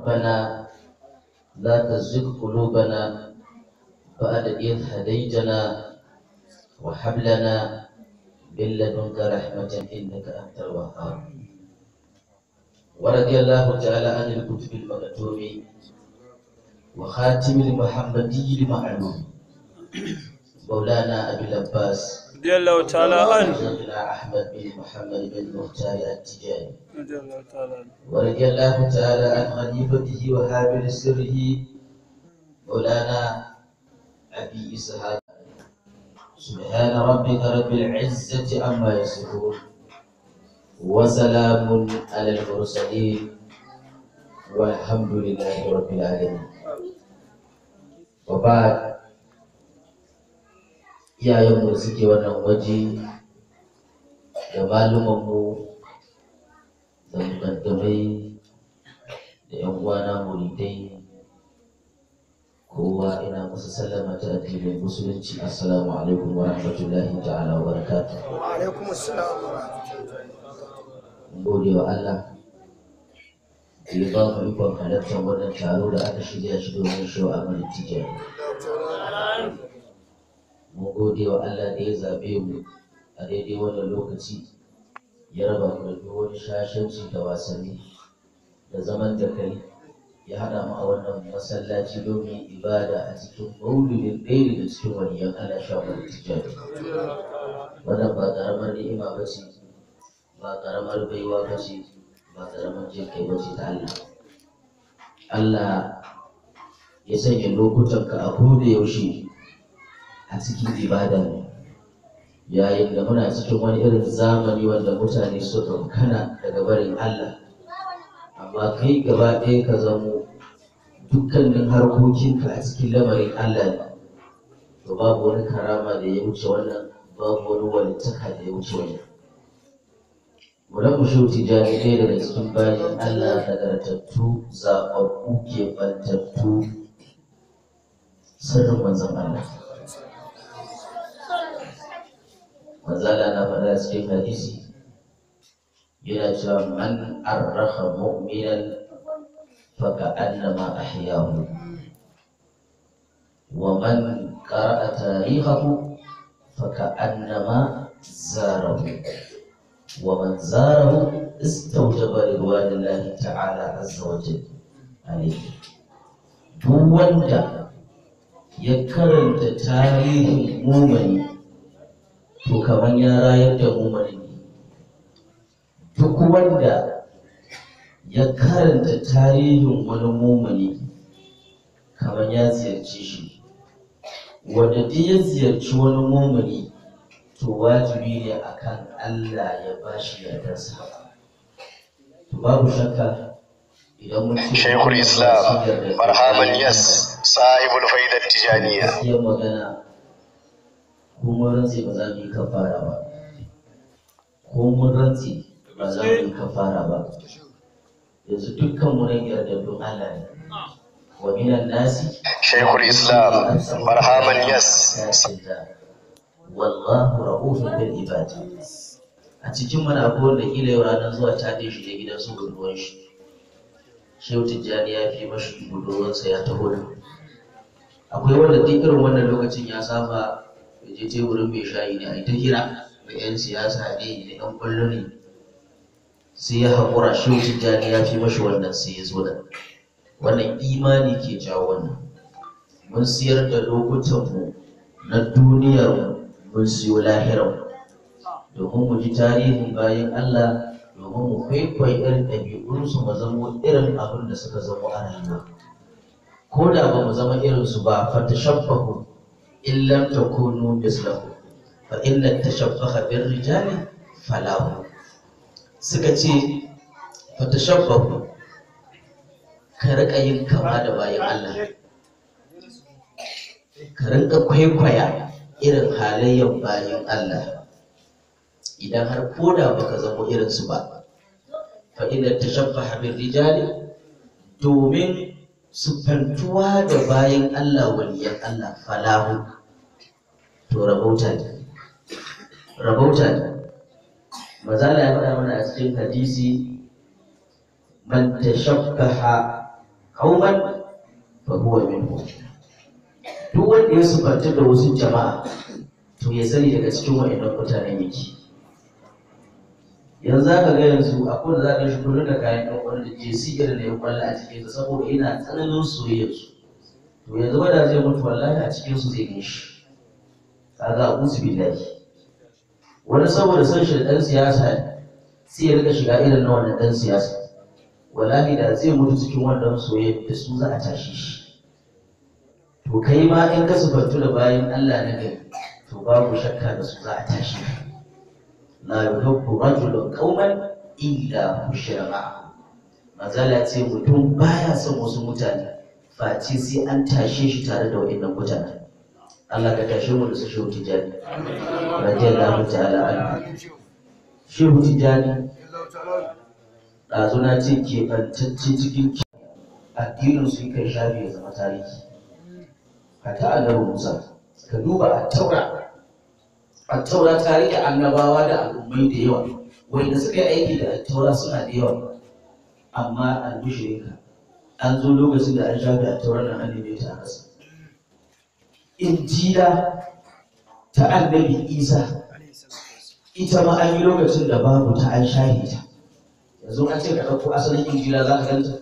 ربنا لا تزغ قلوبنا بعد إذ هديتنا وهب لنا من لدنك رحمة إنك أنت الوهاب ورضي الله تعالى عن الكتب المكتوم وخاتم المحمدي المعلوم مولانا أبي العباس jalla bin ta'ala an jalla wa ta'ala an khalifatihi wa habil sirri ulana abi ishaq subhana rabbika rabbil izzati amma yasifun wa salamun ala al mursalin wa alhamdulillahi rabbil alamin wa ba'd iyayenmu suke wannan waje da malumanmu da mukaddamai da yan uwana muridai kowa ina musu sallama ta addinin musulunci assalamu alaikum wa rahmatullahi ta'ala wa barakatuh wa alaikum assalam wa rahmatullahi gode wa Allah da ya ba mu ikon halartar wannan taro da aka shirya shi domin shi wa amalin mu gode wa Allah da ya zaɓe mu a daidai wannan lokaci ya raba mu da duk wani shashanci da wasanni da zaman da kai ya haɗa mu a wannan masallaci domin ibada a cikin maulidin ɗaya da cikin yan Allah sha wani tijjani wannan ba ƙaramar ni'ima ba ce ba ƙaramar baiwa ba ce ba ƙaramar jin kai ba ce ta Allah Allah ya sanya lokutanka a koda yaushe a cikin ibada ne yayin da muna cikin wani irin zamani wanda mutane su ɗaukana daga barin Allah amma kai gaba ɗaya ka zamo dukkanin harkokinka a cikin lamarin Allah ne to babu wani karama da ya wuce wannan babu wani walittaka da ya wuce wannan Wani mushu tijani ɗaya daga cikin bayan Allah nagartattu zaɓaɓɓu keɓantattu sirrin manzan Allah manzala na faɗa cikin hadisi yana cewa man arraha mu'minan faka annama ahyahu wa man qara'a tarihahu faka annama zarahu wa man zarahu istawjaba ridwanillahi ta'ala azza wa jalla duk wanda ya karanta tarihin mumani to kamar ya rayar da mu duk wanda ya karanta tarihin wani mumuni kamar ya ziyarci shi wanda duk ya ziyarci wani mumuni to wajibi ne akan Allah ya bashi yardarsa babu shakka شيخ Islam مرحبا يس صاحب الفائدة Tijaniya. ko mun rantse ba za mu yi kafara ba ko mun rantse ba za mu yi kafara ba yanzu dukkan mu yarda don Allah ne wa minan nasi shaykhul islam marhaman yes wallahu ra'ufun bil ibad a cikin mana akwai wanda kila yau ranar zuwa ta dai shi da gidan su budurwar shi shehu tijjani ya fi mashi budurwarsa ya taho da akwai wanda duk irin wannan lokacin ya saba ya je teburin mai shayi ne a yi ta hira da 'yan siyasa ne da 'yan kwallo ne sai ya haƙura shi tijjani ya fi mashi wannan sai ya zo da wannan imani ke jawo wannan mun siyar da lokutanmu na duniyar mun siyo lahirar domin mu ji tarihin bayan Allah domin mu kwaikwai irin ɗabi'unsu mu zama irin abin da suka zama a rayuwa ko da ba mu zama irinsu ba fatashabbahu in lam takunu mislahu fa inna tashabbaha bir rijali falahu suka ce fa tashabbahu ka rika yin kama da bayan Allah ka rinka kwaikwaya irin halayyar bayan Allah idan har koda baka zamo irinsu ba fa idan ta shabba habin rijali domin siffantuwa da bayan Allah waliyan Allah falahu to rabauta ne rabauta ne mazala ya faɗa mana a cikin hadisi man tashabbaha qauman fa huwa minhum duk wanda ya siffanta da wasu jama'a to ya sani daga cikin wa'annan mutanen yake yanzu za ka ga yanzu akwai da za ka shi kullum da kayan ɗan wani da ke sike da ya kwalla a cikinsu saboda yana tsananin soyayyarsu to yanzu da zai mutu wallahi a cikinsu zai gan shi ga a kusa bilahi wani saboda son shi da ɗan siyasa ne sai ya rika shiga irin na wannan ɗan siyasa wallahi da zai mutu cikin wannan soyayya da su za a tashi shi to kai ma in ka sufantu da bayan Allah na gari to babu shakka da su za a tashi ka la yuhibbu rajulun qauman illa hushira ma'ahu mazala ce mutum baya son wasu mutane face sai an tashe shi tare da wa'annan mutane Allah ka tashe mu da su shehu tijani radiyallahu ta'ala anhu shehu tijani ɗazuna ce ke bantacce cikin addinin su kan shafi ya zama tarihi hatta annabi Musa ka duba a taura attaura ta riƙe annabawa da al'ummai da yawa wanda suka yi aiki da attaura suna da yawa amma an ka an zo lokacin da an shafe attaura nan an neme ta kasa injila ta annabi isa ita ma an yi lokacin da babu ta an shafe ta yanzu an ce ka ɗauko asalin injila za ka ganta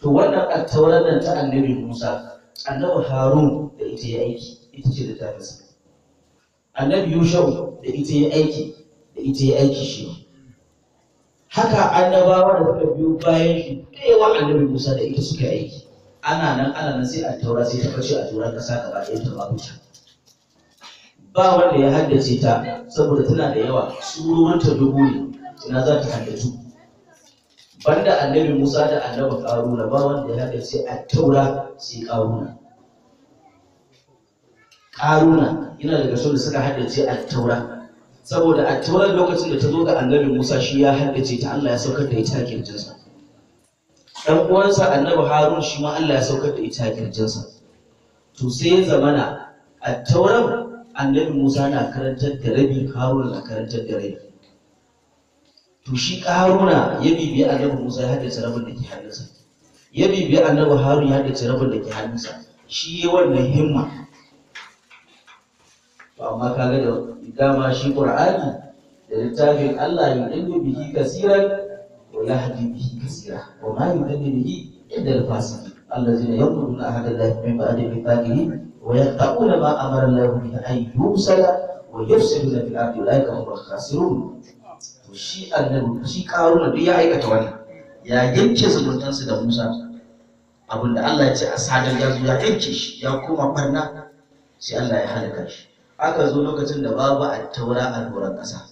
to wannan attaura nan ta annabi musa annabi harun da ita ya aiki ita ce da ta annabi yushau da ita ya aiki da ita ya aiki shi haka annabawa da suka biyo bayan shi da yawa annabi musa da ita suka yi aiki ana nan ana nan sai a taura sai ta fashe a tura kasa gaba ɗaya ta ba ta ba wanda ya haddace ta saboda tana da yawa surorinta dubu ne ina za ta haddatu banda annabi musa da annabi karuna ba wanda ya haddace a taura sai karuna haruna yana daga sau da suka haddace attaura saboda attaura lokacin da ta zo ga annabi musa shi ya haddace ta allah ya saukar da ita a kirjinsa dan uwansa annabi harun shi ma allah ya saukar da ita a kirjinsa to sai ya zamana attauran annabi musa na karantar da rabi haruna na karantar da rabi to shi haruna ya bibiya annabi musa ya haddace rabin da ke hannunsa ya bibiya annabi harun ya haddace rabin da ke hannunsa shi ya wannan himma to amma kaga da dama shi qur'ani da littafin Allah yudillu bihi kasiran wa yahdi bihi kasira wa ma yudillu bihi illa al-fasiqin allazina yanquduna ahada Allah min ba'di mithaqih wa yaqta'una ma amara Allah bihi an yusala wa yufsiduna fil ardi ulaika hum al-khasirun to shi annabi shi karuna duk ya aikata wani ya yanke zumuntansu da Musa abinda Allah ya ce a sadar ya zo ya yanke shi ya koma barna sai Allah ya halaka shi aka zo lokacin da babu attaura a doron ƙasa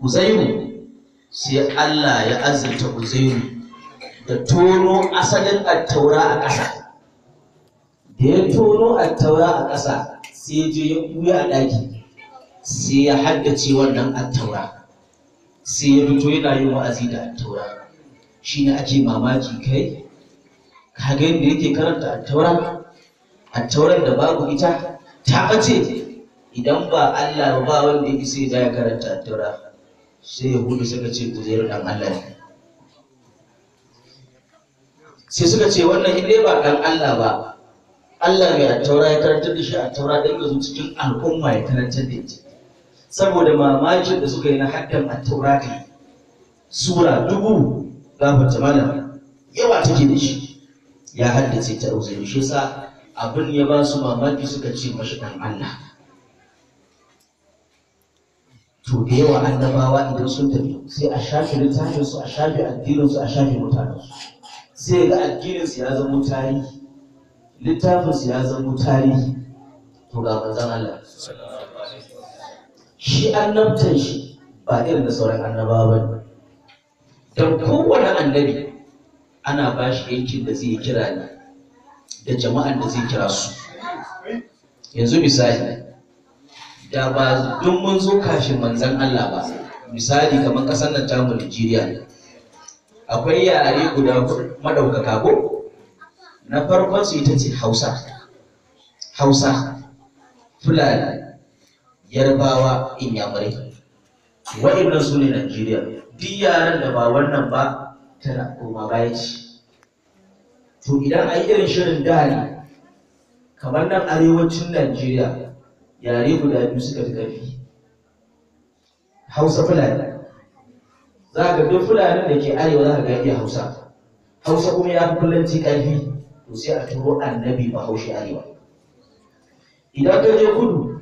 uzairu sai Allah ya azurta uzairu da tono asalin attaura a ƙasa da ya tono attaura a ƙasa sai ya je ya ɓuya a ɗaki sai ya haddace wannan attaura sai ya fito yana yin wa'azi da attaura shi ne ake mamaki kai ka gani da yake karanta attaura taurar da babu ita ta ɓace idan ba Allah ba ba wanda yake sai ya karanta tura sai yahudu suka ce uzairu dan Allah ne sai suka ce wannan idai ba dan Allah ba Allah mai attaura ya karantar da shi a taura don yanzu cikin al'umma ya karanta da ita saboda mamakin da suka yi na haddan attaura kai sura dubu gafarta mana yawa take da shi ya haddace ta uzuri shi sa abin ya ba su mamaki suka ce mashi ɗan Allah to da yawa annabawa idan sun tafi sai a shafi littafin su a shafi addinin su a shafi mutanen su sai ga addinin su ya zama tarihi littafin su ya zama tarihi to ga manzon Allah shi annabtan shi ba irin da sauran annabawa ba ne dan kowane annabi ana ba shi yankin da zai kira ne da jama'an da zai kira su yanzu misali da ba don mun zo kafin manzan Allah ba misali kamar ƙasar nan tamu Najeriya akwai yare guda madaukaka ko na farkon su ita ce Hausa Hausa Fulani Yarbawa Inyamurai wa'annan su ne Najeriya duk da ba wannan ba tana koma baya ce to idan yi irin shirin dari, kamar nan arewacin najeriya yare guda biyu suka fi ƙarfi hausa fulani za ka duk Fulani da ke arewa za ka ga iya hausa hausa kuma ya fi fulanci ƙarfi to sai a turo annabi bahaushe arewa idan ka je kudu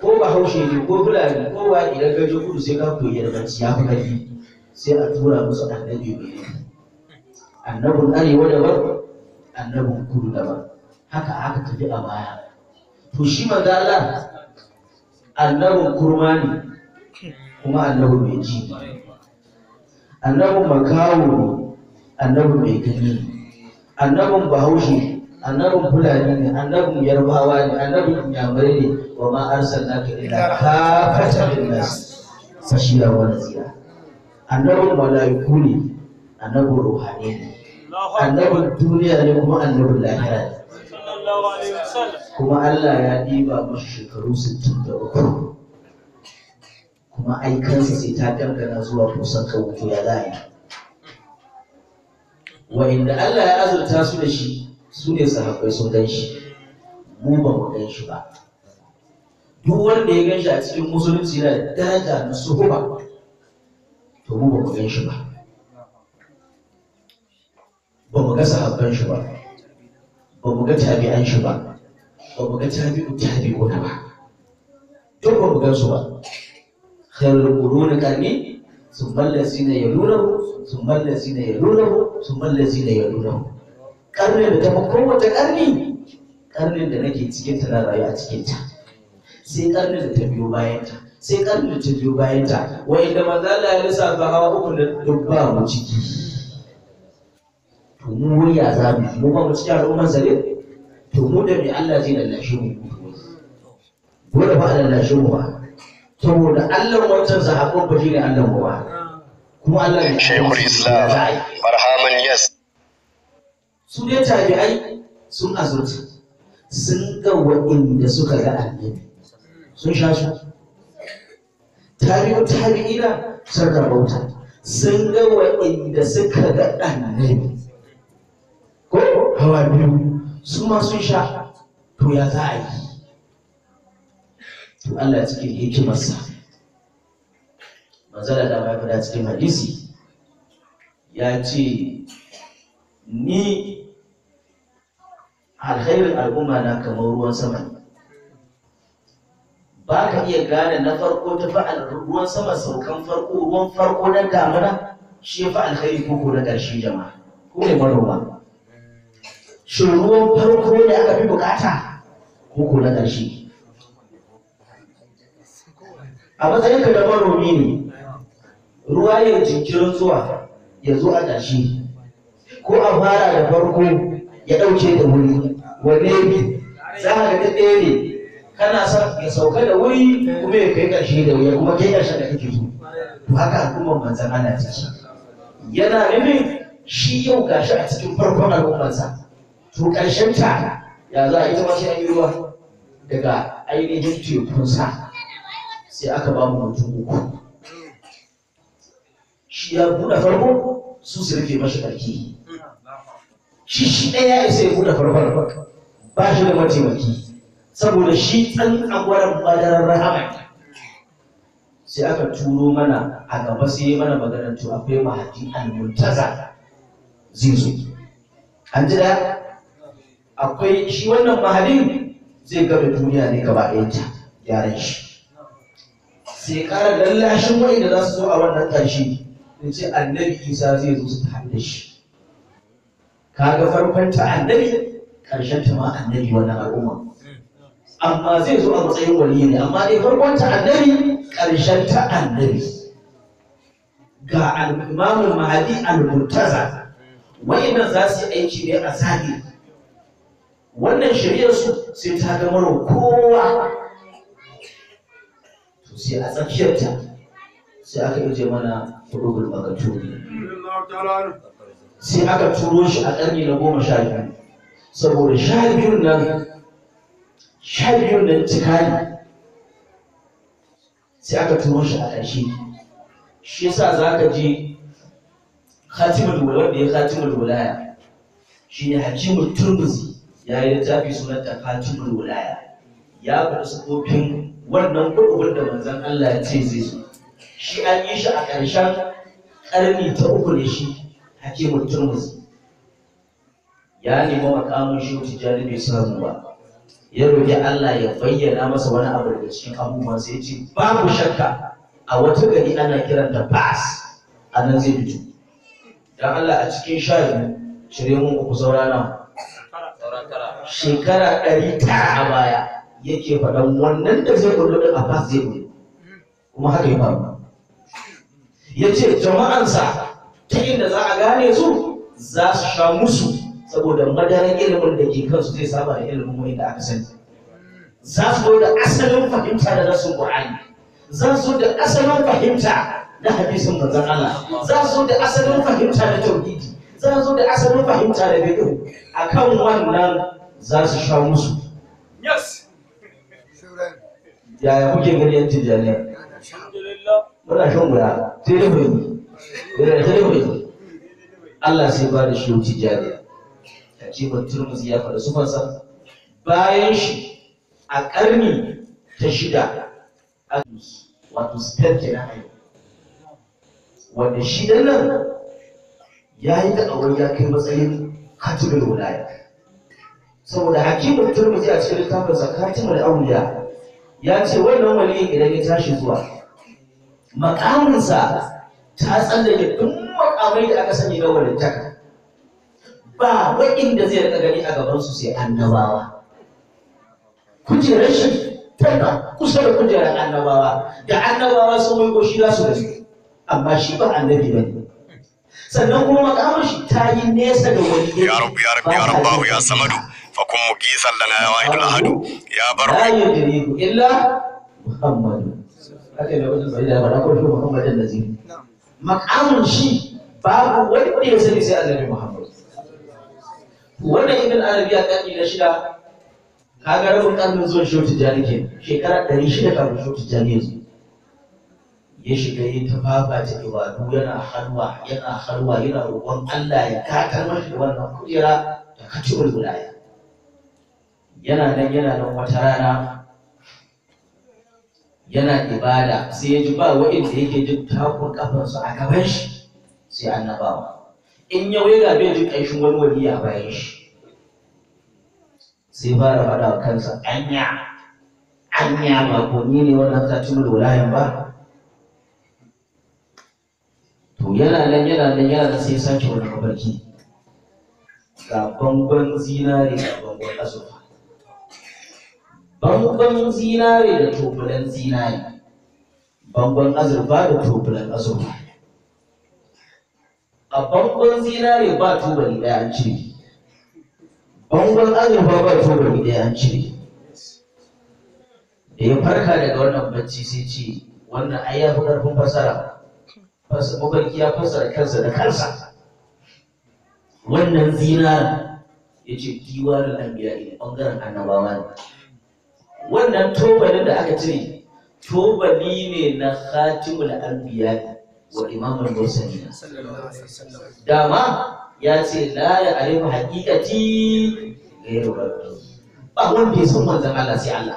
ko bahaushe ne ko fulani ko ba idan ka je kudu sai ka koyi yarbanci ya fi ƙarfi sai a tura musu annabi mai annabin arewa daban annabin kudu daban haka haka tafi a baya to shi manzo Allah annabin kurma ne kuma annabin mai ji annabin makawo ne annabin mai gani annabin bahaushe annabin fulani ne annabin yarbawa ne annabin inyamurai ne wa ma arsalnaka ila kafatan lin nas sashiya wa nasiya annabin malaiku ne annabin ruhani ne annabin duniya ne kuma annabin lahira ne kuma Allah ya ɗiba masa shekaru 63 kuma aikansa sai ta dangana zuwa kusan ka kawuto ya za a yi inda Allah ya azurta su da shi su ne sahabbai sun gan shi mu ba mu gan shi ba duk wanda ya gan shi a cikin musulunci yana da daraja na suhuba to mu ba mu gan shi ba ba mu ga sahabban shi ba ba mu ga tabi'an shi ba ba mu ga tabi'u na ba duk ba mu ga su ba khairul quruni qarni ثم الذين يلونه ثم الذين يلونه ثم الذين يلونه karne da tafi wata karni karne da nake cikin ta na rayu a cikin ta sai karne da ta biyo bayan ta sai karne da ta biyo bayan ta wai da manzo Allah ya lissafa hawa uku da dubba mu ciki to mu ya za mu mu ba mu cikin al'ummar zare to mu da me Allah zai lallashe mu ko da ba a lallashe mu ba saboda Allah wancan sahabban ba shine Allah mu ba kuma Allah ne Shaykhul Islam marhaman yes su ne tabi'ai sun azurta sun ga waɗanda suka ga annabi sun sha su tabi'u tabi'ina sun rabauta sun ga waɗanda suka ga annabi zuwa biyu su ma sun sha to ya za a yi to Allah cikin hikimarsa manzala da ma fada cikin hadisi ya ce ni alkhairin al'umma na kamar ruwan sama ba ka iya gane na farko ta fa'al ruwan sama saukan farko ruwan farko na damuna shi ya fa'al alkhairi ko na ƙarshen jama'a ko ne manoma shin ruwan farko ne aka fi bukata ko ko na ƙarshe a matsayinka da manomi ne ruwa ya jinkirin zuwa ya zo a ƙarshe ko a fara da farko ya ɗauke da wuri wanne bi za ka ga ɗaya ne kana son ya sauka da wuri kuma ya kai ƙarshe da wuri kuma kai ƙarshe da kake zo? to haka al'umman manzan Allah ta yana nufin shi yau gashi a cikin farkon al'ummarsa to ƙarshen ta ya za a yi ta sai an ruwa daga ainihin tekun sa sai aka ba mu mutum uku shi ya buɗe farko su su rufe mashi ƙarfi shi shi ɗaya ya sai buɗe farko ba shi da mataimaki saboda shi ɗan agwaran madarar rahama sai aka turo mana a gaba sai mana maganar to akwai mahadi al-muntaza zai zo an ji da akwai shi wannan mahalin zai gaba duniya ne gaba ɗayanta yaran shi sai ƙara lallashin da za su zo a wannan ƙarshe in ce annabi isa zai zo su ta da shi kaga farkon ta annabi ƙarshen ta ma annabi wannan al'umma amma zai zo a matsayin wani ne amma dai farkon ta annabi ƙarshen ta annabi ga al-imamul mahadi al-murtaza wa'inda za su yi aiki ne a zahiri wannan shari'ar su sai ta gamar kowa to sai a tsakiyarta sai aka yi mana hudubul makatuni sai aka turo shi a ƙarni na goma sha biyu saboda sha biyun nan sha biyun nan cikari sai aka turo shi a ƙarshe shi yasa za ka je khatimul wanda ya khatimul wilaya shi ne hakimul turmuzi ya yi littafi sunan takatumul wilaya ya faɗi sufofin wannan kurkubun da manzan Allah ya ce zai zo shi an yi shi a ƙarshen ƙarni ta uku ne shi hakimun turmuzi ya nemi makamin shi tijjani bai samu ba ya roƙi Allah ya bayyana masa wani abu daga cikin abubuwan sai ya ce babu shakka a wata gari ana kiranta bas a nan zai fito dan Allah a cikin sha biyu cire mun ku saurana shekara ɗari tara a baya yake faɗan wannan da zai kullu ɗin Abbas zai kullu kuma haka ya faru ya ce jama'ansa ta inda za a gane su za su sha musu saboda madarar ilimin da ke kansu zai saba da ilimin wani da aka sani za su zo da asalin fahimta da nasu Qur'ani za su zo da asalin fahimta na hadisin manzon Allah za su zo da asalin fahimta na tauhidi za su zo da asalin fahimta da bidu akan wannan za su sha musu yaya kuke gani yan tijjaniya muna shan wuya telefoni da telefoni Allah sai ba da shi tijjaniya ajibin turmus ya faɗa fansa. bayan shi a ƙarni ta shida a wato state ke na yau wanda shidan nan ya yi da ya kai matsayin katibin wilaya saboda hakimin turmuzi a cikin littafin da auliya ya ce wannan wali idan ya tashi zuwa makaminsa ta tsallake duk makamai da aka sani na walintaka ba da zai rika gani a gabansu sai annabawa kujerar shi tana kusa da kujerar annabawa da annabawa sun wai goshi za su amma shi ba annabi ba ne sannan kuma makamin shi ta yi nesa da wani ya rabu ya rabu ya rabu ya samadu fa kun mugisan lana ya wahidul ahadu ya bar la yudriku illa muhammadu haka ne wajen bai da ba shi shi babu ya sani sai wannan ibn arabiya kadi na shida kaga rabin karnin zuwan shehu tijjani ke shekara ɗari shida kafin shehu tijjani ya ya shiga ya ta fafa ta ibadu yana harwa yana harwa yana roƙon Allah ya katar mashi da wannan kujera da wani wilaya yana nan yana nan wata rana yana ibada sai ya ji ba wa'inda yake jin takon kafansu a gaban shi sai annabawa in ya waiga bai jin ƙanshin wani wani a bayan shi sai fara faɗa wa kansa anya anya ba ni ne wannan da lulayen ba to yana nan yana nan yana nan sai sake wani mafarki ga bangon zinare ga bangon azurfa bangon zinare da tobulan zinare bangon azurfa da tubulan azurfa a bangon zinare ba tubali ɗaya an cire bangon azurfa ba tubali ɗaya an cire da ya farka daga wannan bacci sai ce wannan ai ya fi ƙarfin fasara mafarki ya fasara kansa da kansa wannan zinare ya ce giwanin biya, ne ɓangaren annabawa ne wannan tobalin da aka cire tobali ne na khatimul anbiya wa imamul mursalin dama ya ce la ya alifu haqiqati ghayru rabbi ba wanda ya san manzon Allah sai Allah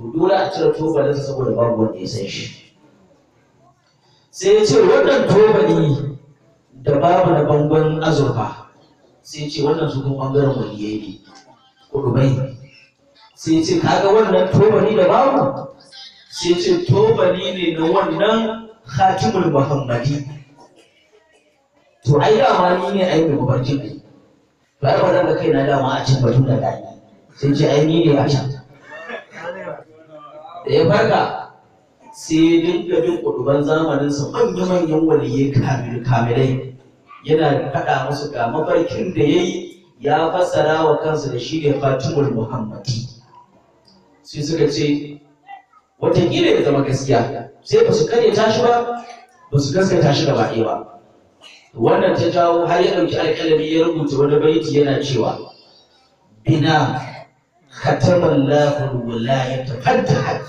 to dole a cire tobalin saboda babu wanda ya san shi sai ya ce wannan tobali da babu na bangon azurfa sai ya ce wannan su kuma bangaren waliyai ne dubai sai ce kaga wannan tobani da babu sai ce tobani ne na wannan khatimul muhammadi to ai dama ni ne ai mai mafarkin ai ba ai wadanda kai na dama a cin batun da gani sai ce ai ni ne a can da ya farka sai dinga bin kuduban zamaninsa manya-manyan waliyyai kamilai yana faɗa musu ga mafarkin da ya yi ya fassara wa kansa da shi ne fatimul muhammadi sai suka ce watakila ya zama gaskiya sai ba su kare tashi ba ba su gaskata shi gaba ɗaya ba wannan ta jawo har ya ɗauki alƙalami ya rubuta wani baiti yana cewa bina khataman lahul walayata fatahat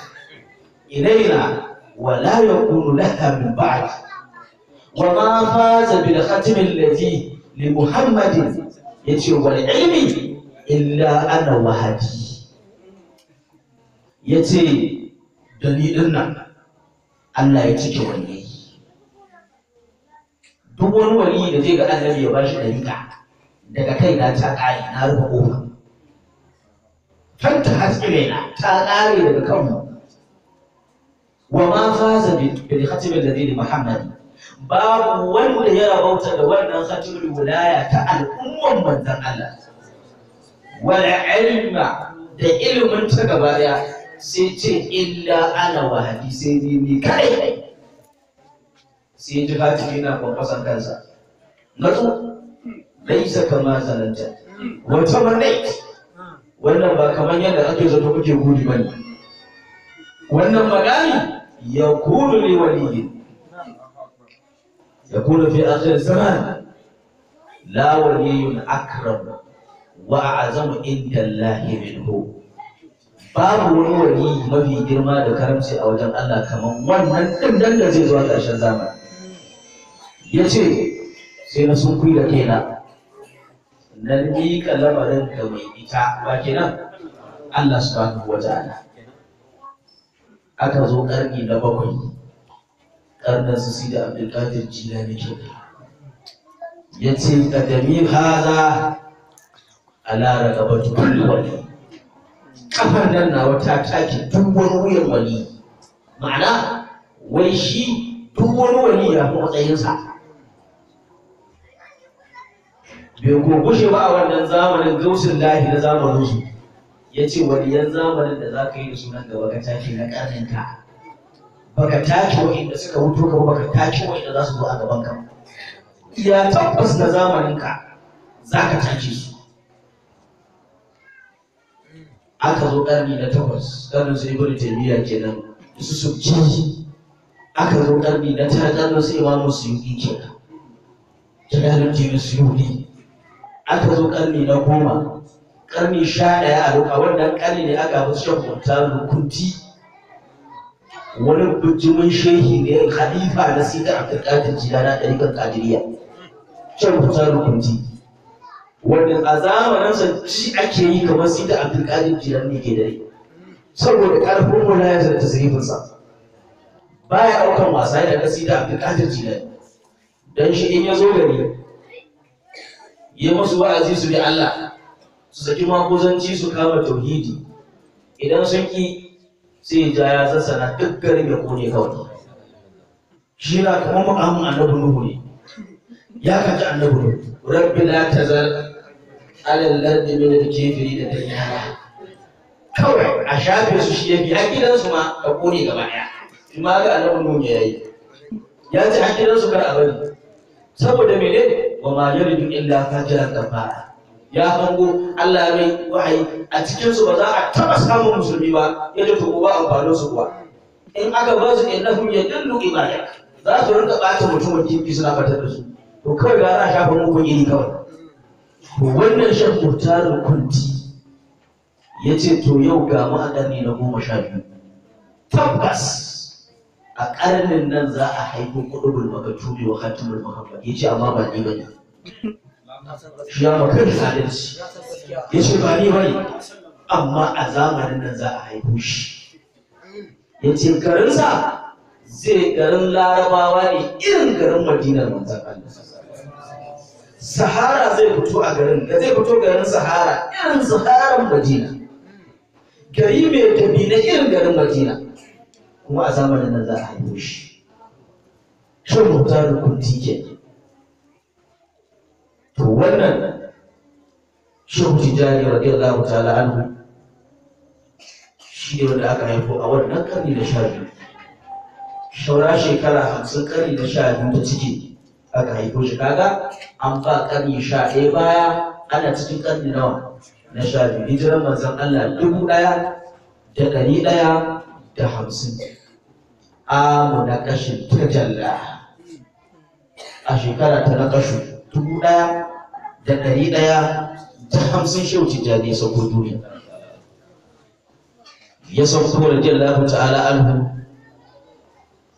ilaina ولا يكون لها من بعد وما فاز بالختم الذي لمحمد يتي والعلم illa ana وهدي ya ce da ni ɗin nan Allah ya cike wani duk wani wani da zai ga annabi ya bashi ɗariƙa daga kai na ta ƙare na rufe ƙofa fanta haske raina ta ƙare daga kanmu wa ma faza bil khatibin da zai Muhammad babu wanda ya rabauta da wannan khatibul wilaya ta al'umman manzon Allah wal ilma da ilimin ta gaba daya sai ce illa ana wahadi sai ni ni kai sai ji hatimi na kwakwasan kansa na zo laisa kama zananta wata manai wannan ba kaman yadda ake zato kuke gudi ba ne wannan magani ya kuru ne waliyin ya kuru fi akhir zaman la waliyun akram wa azamu inda Allah minhu babu wani wani mafi girma da karamci a wajen Allah kamar wannan ɗin da zai zuwa ƙarshen zamani ya ce sai na sun kuyi da kaina na miƙa lamarin ga mai ita ba kenan Allah su bani wata ana aka zo ƙarni na bakwai ƙarnar su sida abdulkadir jilani kyau ya ce ƙadami haza a lara gaba tukun wali kafar nan na ta taki duk wani wuyan wali ma'ana wai shi duk wani wali ya fi matsayinsa bai gurgushe ba a wannan zamanin gausin lahi na zamanin su ya ce waliyan zamanin da za ka yi da sunan da baka tashi na ƙarninka baka tashi wa'inda suka wuto ka baka tashi wa'inda za su zo a gaban ka Ya tabbas na zamaninka za ka tashi su aka zo ƙarni na takwas ƙarnin su ibn taymiya kenan su ci. aka zo ƙarni na tara ƙarnin su imamu suyuti kenan na dinu suyuti aka zo ƙarni na goma ƙarni sha daya a doka, wannan ƙarni ne aka fi shan kwanta kunti wani bujimin shehi ne khalifa na sidar abdulkadir jilana ɗarikan kadiriya shan kwanta kunti wanda a zamaninsa shi ake yi kamar Sita da abdulkadir jilani ke dare saboda ƙarfin mulayarsa da tasirifinsa ba ya ɗaukan wasa da kasi da abdulkadir jilani don shi in ya zo gari ya masu wa'azi su bi Allah su saki makuzanci su kama tauhidi idan sun ki sai ya ja ya sassana duk garin ya kone kawai shi na kamar mu'amun annabi nuhu ne ya kaji annabi nuhu rabbi la tazal alal lardi min al-kafiri da dajjala kawai a shafe su shi yafi a gidansu ma ka kone gaba daya kuma ga annabi mun ya yi. ya ce a su kar a bari saboda mene wa ma yaridu illa fajiran kafara ya hango Allah mai wahayi a cikin su ba za a taba samun musulmi ba ya ji to ba amfanin su kuwa in aka ba su innahum yadullu ibada za su rinka bata mutumin kirki suna fatar da su to kawai gara a shafa muku iri kawai wannan shan murtarin kwanti ya ce to yau ga ma'adani na goma sha biyu tabbas a ƙarnin nan za a haifi kuɗin makatu ne wa hatimul mahabba ya ce amma ba ni ba ne shi ya maka da ya ce ba ni ba ne amma a zamanin nan za a haifi shi ya ce garinsa zai garin larabawa ne irin garin madinar manzan Allah sahara zai fito a garin da zai fito garin sahara irin saharan madina gari mai tafi na irin garin madina kuma a zamanin nan za a haihu shi shan rubuta da kunti ke to wannan shehu tijjani radiyallahu ta'ala anhu shi ne wanda aka haifo a wannan karni da sha biyu shaura shekara hamsin karni da sha biyu ta ciki aka haifo shi kaga an ba ƙarni sha ɗaya baya ana cikin ƙarni nawa na sha biyu hijiran manzon Allah dubu ɗaya da ɗari ɗaya da hamsin amu na ta tajalla a shekara ta na kashin dubu ɗaya da ɗari ɗaya da hamsin wuce tijjani sauko duniya ya sauko da jallahu ta'ala anhu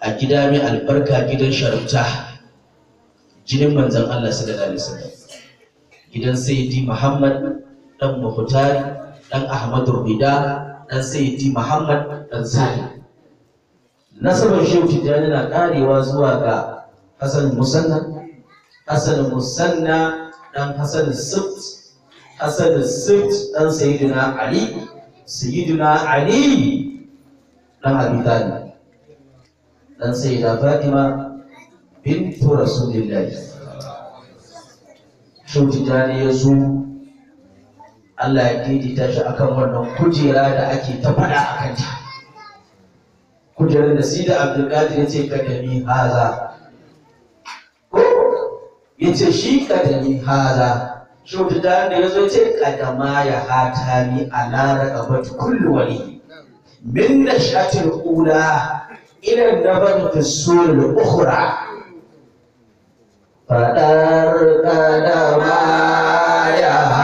a gida mai albarka gidan sharuta jinin manzan Allah su da wasallam gidan sayyidi Muhammad dan Muhtari dan Ahmadu Rida dan sayyidi Muhammad dan Sani nasabar shehu Tijjani na karewa zuwa ga Hassan Musanna Hassan Musanna dan Hassan Sibt Hassan Sibt dan sayyidina Ali sayyidina Ali dan Abi Talib dan sayyida Fatima bintu rasulillahi shi ne ya zo Allah ya daidaita shi akan wannan kujera da ake ta faɗa a kanta kujerar da si da abdulkadir ya ce kadami haza ya ce shi kadami haza shi tijani ya zo ce kadama ya hata ni a lara abatu kullu wali min nashatil ula ila nabatu fi sulul ukhra Fatar kadamaya